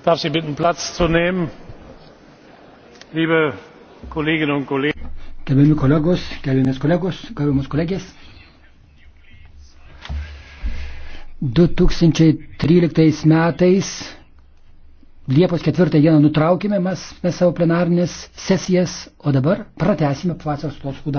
ich darf sie bitten platz zu nehmen. liebe kolleginnen und kollegen gerbiami kolegos gerbiamas kolegos gerbiamos kolegės 2013 metais Liepos 4 dieną nutraukime mes, mes savo plenarnės sesijas, o dabar pratesime vasaros atostogų darbą.